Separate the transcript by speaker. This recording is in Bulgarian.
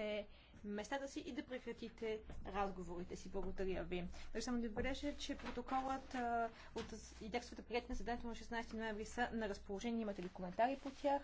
Speaker 1: заемете местата си и да прекратите разговорите си. Благодаря ви. само да отбележа, че протоколът а, от, и текстовете приятели на заданието на 16 ноември са на разположение.
Speaker 2: Имате ли коментари по тях?